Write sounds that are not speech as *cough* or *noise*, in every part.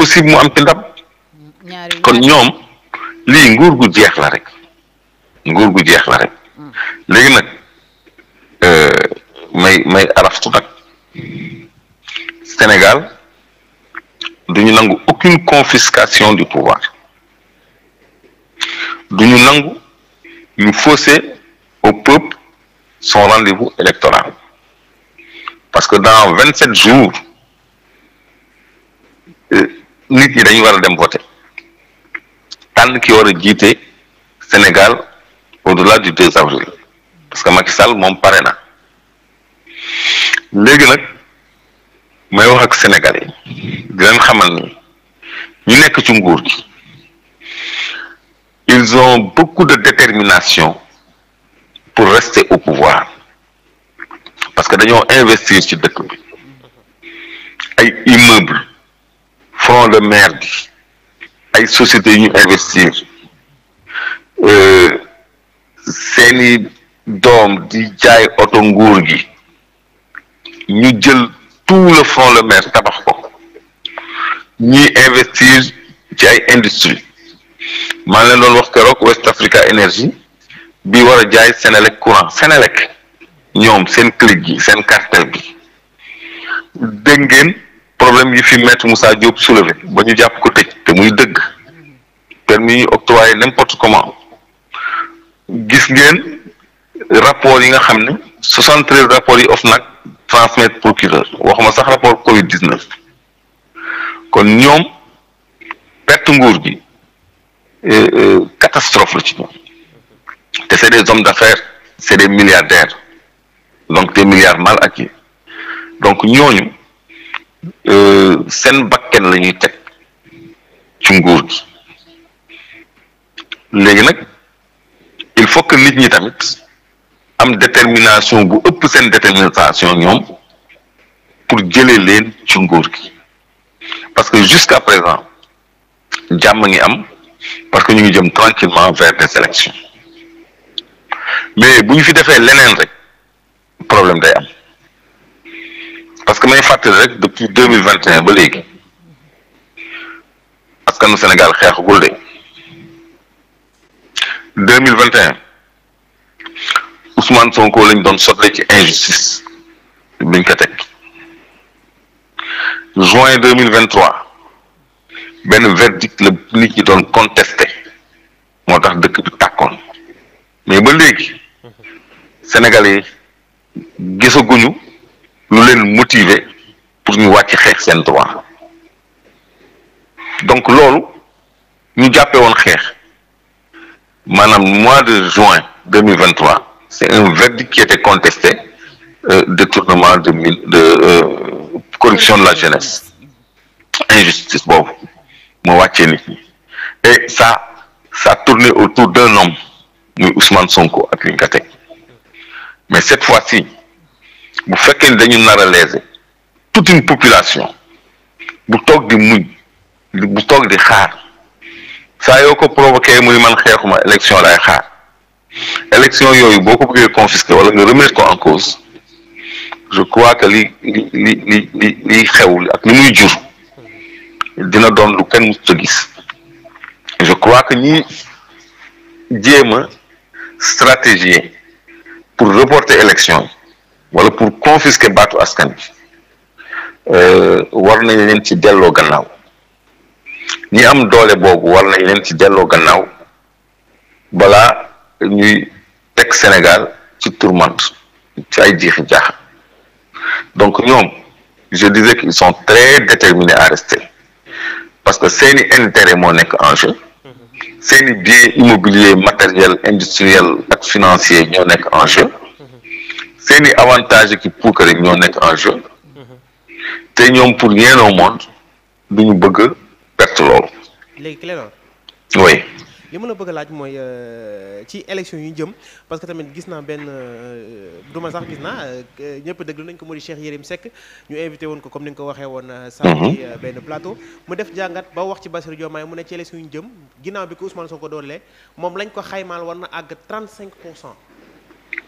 possible mu am ci ndam kon ñoom lii nguur gu jeex la rek nguur gu jeex la rek mm. léegi nag euh, may may araftu nag Sénégal duñu nangu aucune confiscation du pouvoir ñu nangu ñu fausser au peuple son rendez électoral parce que dans vingt-sept jours nit ñi dañu war a dem voté tànn ki war a jiite Sénégal au-delà du 2 avril parce que Macky Sall moom pare na léegi nag may wax ak Sénégalais yi di leen xamal ni ñu nekk ci nguur gi ils ont beaucoup de détermination pour rester au pouvoir parce que dañoo investir ci dëkk bi ay immeuble front de mer bi ay sociétés yu ñu investir euh, seeni doom di jaay oto nguur gi ñu jël tout le front de mer tabax ko ñuy investir ci ay industrie maa leen doon wax keroog West Africa Energy bi war a jaay Senelec courant Senelec ñoom seen clique gi seen cartel bi dégg problème yi fi maître saa Diop soulevé ba ñu jàpp ko tëj te muy dëgg permis octroyé n'importe comment gis ngeen rapport yi nga xam ne soixante treize rapports yi OFNAC transmettre procureur waxuma sax rapport Covid dix neuf kon ñoom perte nguur gi euh, euh, catastrophe la ci ñoom te c'est des hommes d'affaires c'est des milliardaires donc des milliards mal acquis donc ñooñu Euh, seen bakken la ñuy teg ci nguur gi léegi nag il faut que nit ñi tamit am détermination bu ëpp seen détermination ñoom pour jëlee leen ci nguur gi parce que jusqu'à présent jàmm ngi am parce que ñu ngi jëm tranquillement vers des élections mais bu ñu fi defee leneen rek problème day am parce que may fàttali rek depuis deux mille vingt et un ba léegi askanu Sénégal xeexagul de deux mille vingt et un Ousmane Sonko lañ doon sotle ci injustice biñ ko teg juin deux mille vingt trois benn verdict la nit ñi doon contesté moo tax dëkk bi tàkkoon mais ba léegi Sénégal yi gisaguñu. lu leen motiver pour ñu wàcc xeex seen droit donc loolu ñu jàppee woon xeex maanaam mois de juin deux mille vingt trois c' est un verdict qui était contesté euh, détournement de mille de euh, corruption de la jeunesse injustice boobu moo wàccee nit et ça ça tournait autour d'un homme muy Ousmane Sonko ak Linguatec mais cette fois-ci bu fekkee ni dañu nar a léser toute une population bu toog di muñ bu toog di xaar saa yoo ko provoqué muy man xeexuma élection lay xaar élection yooyu boo ko bëggee confisquer wala nga remettre ko en cause je crois que ak ni muy jur dina doon lu kenn mosut ñi jéem a stratégie pour reporter élection wala pour confisquer baatu askan bi euh, war nañ leen ci delloo gannaaw ñi am doole boobu war nañ leen ci delloo gannaaw balaa ñuy teg Sénégal ci tourmente ci ay jiixi jaaxa donc ñoom je disais qu'ils sont très déterminés à rester parce que seeni intérêt moo nekk en jeu mm-hmm. seeni bien immobilier matériel industriel ak financier ñoo nekk en seen i avantage ki puukare ñoo nekk en jeu te ñoom pour rien au monde du ñu bëgg perte loolu. léegi Clédor. oui. li ma a bëgg laaj mooy euh, ci élection yu jëm parce que tamit gis naa benn euh, duma sax gis na naa euh, ñëpp déglu nañ ko moo di Cheikh mu sekk ñu invité woon ko comme ni nga ko waxee woon. sànq mhm. benn plateau. mu def jàngat ba wax ci Bassirou Diomaye mu ne ci élection yu jëm ginnaaw bi ko soo ko doole moom lañ ko xaymaal war na àgg 35 pour cent.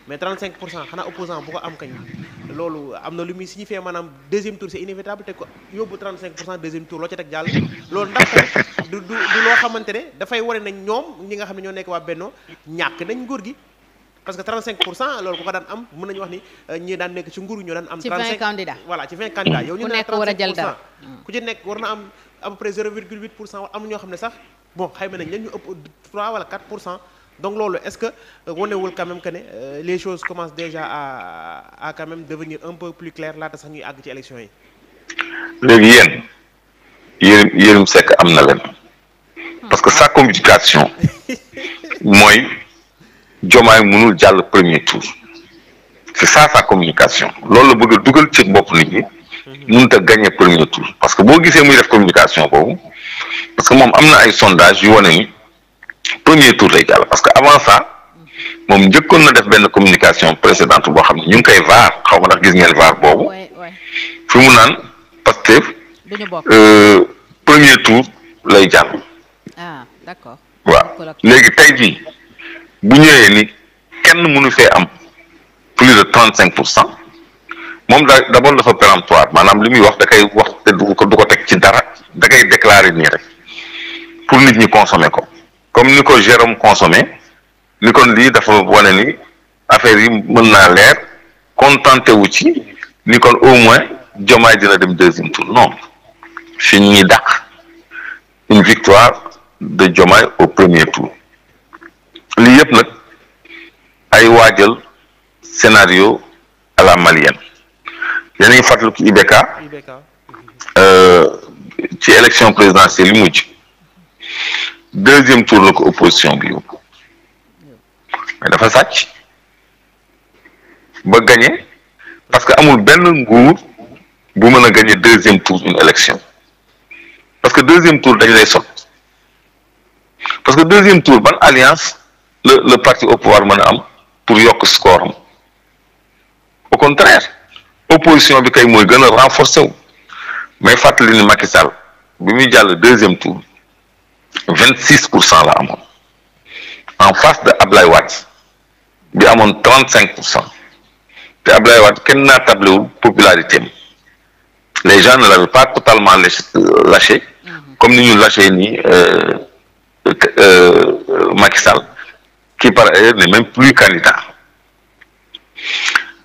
mais 35 pour cent xanaa opposant bu ko am kañ loolu am na lu muy signifié maanaam deuxième tour c'est inévitable te ko yóbbu 35 pour cent deuxième tour loo ca teg jàll loolu ndax du du du loo xamante ne dafay wane nañ ñoom ñi nga xam ne ñoo nekk waa Benno ñàkk nañ nguur gi parce que 35 pour cent loolu ku ko daan am euh, ci nguur ñoo daan ci 20 candidats yow ñu nekk war na am pour cent donc loolu est-ce que euh, wanewul quand même que ne euh, les choses commencent déjà à à quand même devenir un peu plus claires laata sax ñuy àgg ci élection yi. léegi yéen yéen mu sekk am na leen parce que sa communication *laughs* mooy jomaay mënul jàll premier tour c'est ça sa communication loolu la bëgg a dugal ci bopp nit ñi mhm. mënut a gagner premier tour parce que boo gisee muy def communication boobu parce que moom am na ay sondage yu wane ni premier tour lay jàll parce que avant ça moom njëkkoon na def benn communication précédente boo xam ne ñu ngi koy vaar xaw ma ndax gis ngeen vaar boobu fi mu naan Pastef euh, premier tour lay jàll waaw ah, léegi tey jii bu ñëwee ni kenn mënu fee am plus de cinq pour cent moom da d'abord dafa péremptoire maanaam li muy wax da koy wax te du ko du ko teg ci dara da koy déclarer nii rek pour nit ñi consommer ko comme ni ko Jérôme consommé ni kon lii dafa wane ni affaire yi mën naa leer contenté wu ci ni kon au moins Diomaye dina dem deuxième tour non fi ñuy dàq une victoire de Diomaye au premier tour lii yëpp nag ay waajël waajal scénario à la malienne yeneen fàttaliku IBK euh, ci élection présidentielle yu mujj deuxième tour la ko opposition bi yóbbu mais dafa sàcc ba gagné parce que amul benn nguur bu mën a gagné deuxième tour une élection parce que deuxième tour dañ lay sot parce que deuxième tour ban alliance le le parti au pouvoir mën a am pour yokk score am au contraire opposition bi kay mooy gën a renforcer wu mais fàttali ni makisal Sall bi muy jàll deuxième tour. vingt six pour cent la amoon en face de Ablaye Wade bi amoon trente cinq pour cent te Ablaye Wade kenn naa tablewul popularité am les gens ne l'avaient pas totalement lâché euh, mhm. comme ni ñu lâché nii euh, euh, Macky qui par ailleurs même plus candidat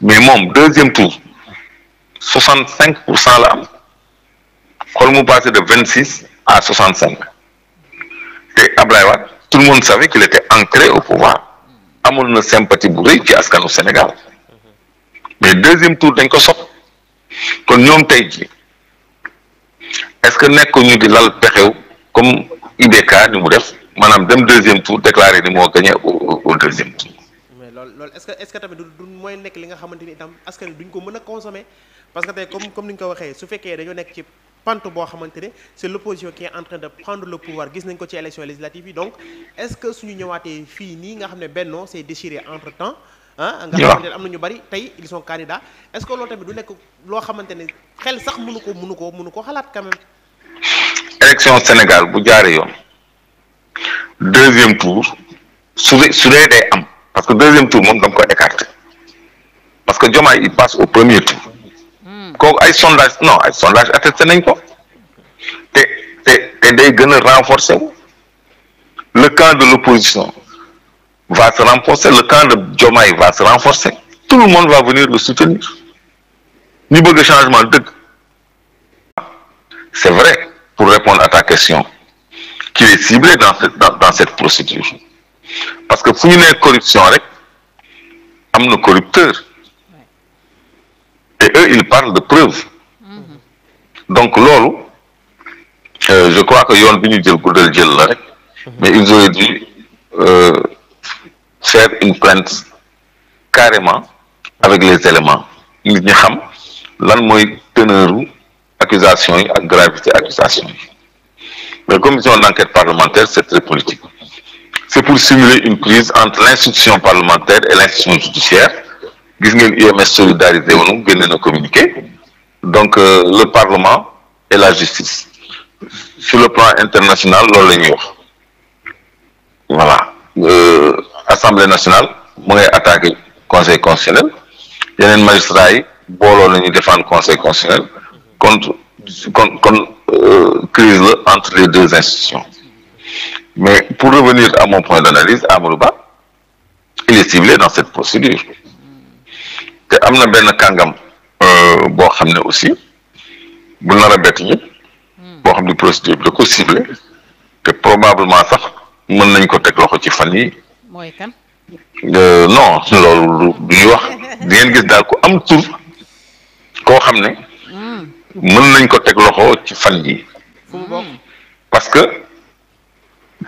mais moom deuxième tour soixante cinq pour cent la am xool mu passé de vingt six à soixante cinq Ablaye Wade tout le monde savait qu'il était ancré au pouvoir amoon na sympathie bu rëy ci askanu Sénégal mais deuxième tour dañ ko soppi kon ñoom tey ji est-ce que nekk ñu di lal pexew comme IBK ni mu def maanaam dem deuxième tour déclaré ni moo gagné au deuxième tour. mais loolu est est tamit du mooy nekk li nga xamante ni itam askan duñ ko mën a consommer parce que tey comme comme ni ñu ko waxee su fekkee dañoo nekk ci. pente boo xamante ne c'est l'opposition qui est en de prendre le pouvoir gis nañ ko ci élection législative yi donc est-ce que suñu ñëwaatee fii nii nga xam ne Benno s'est déchiré entre temps ah nga xamante ne am na ñu bari tey ils sont candidats est-ce que loolu tamit du nekk loo xamante ne xel sax mënu ko mënu ko mënu ko xalaat quand même élection Sénégal bu jaaree yoon deuxième tour su dee su dee day am parce que deuxième tour moom da nga koy écarter parce que Diomaye il kooku ay sondage non ay sondage attesté nañ ko te te te day gën a renforcer le camp de l'opposition va se renforcer le camp de Diomaye va se renforcer tout le monde va venir le soutenir ñu bëgg changement dëgg c'est vrai pour répondre à ta question qu'il est ciblé dans cette procédure parce que fu ñu nee corruption rek am na corrupteur eux, ils parlent de preuves. Mhm. donc loolu euh, je crois que yoon bi ñu jël guddal jël la rek mhm. mais ils auraient dû euh, faire une plainte carrément avec les éléments ni ñi xam lan mooy teneuru accusation yi ak gravité accusation yi la commission d'enquête parlementaire c'est très politique c'est pour simuler une crise entre l'institution parlementaire et l'institution judiciaire gis ngeen UMS solidarité woonu génne na communiqué donc euh, le parlement et la justice sur le plan international loolu la ñuy wax voilà euh, assemblée nationale mu ngay attaqué conseil constitutionnel yeneen magistrats yi booloo la ñuy défendre conseil constitutionnel contre kon kon euh, crise la entre les deux institutions mais pour revenir à mon point d'analyse Amadou Ba il est ciblé dans cette procédure te am na benn kàngam euh, boo xam ne aussi bu nar a bett ñëpp hmm. boo xam ne procédure bi da ko ciblé te probablement sax mën nañ ko teg loxo ci fan yi mooy euh, non loolu du wax di gis daal ku am tur koo xam ne hmm. mën nañ ko teg ci fan yi parce que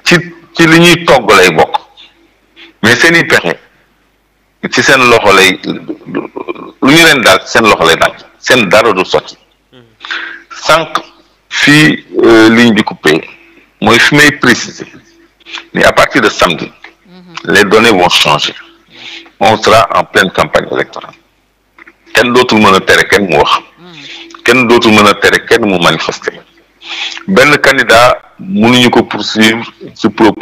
ci ci li ñuy togg lay bokk mais seen pexe ci seen loxo lay lu ñu leen daal seen loxo lay daal seen dara du sotti sànq fii euh, ligne bi coupé mooy fi may préciser mais à partir de samedi les données vont changer on sera en pleine campagne électorale kenn dootul mën a tere kenn mu wax kenn dootul mën a tere kenn mu manifester benn candidat mënuñu ko poursuivre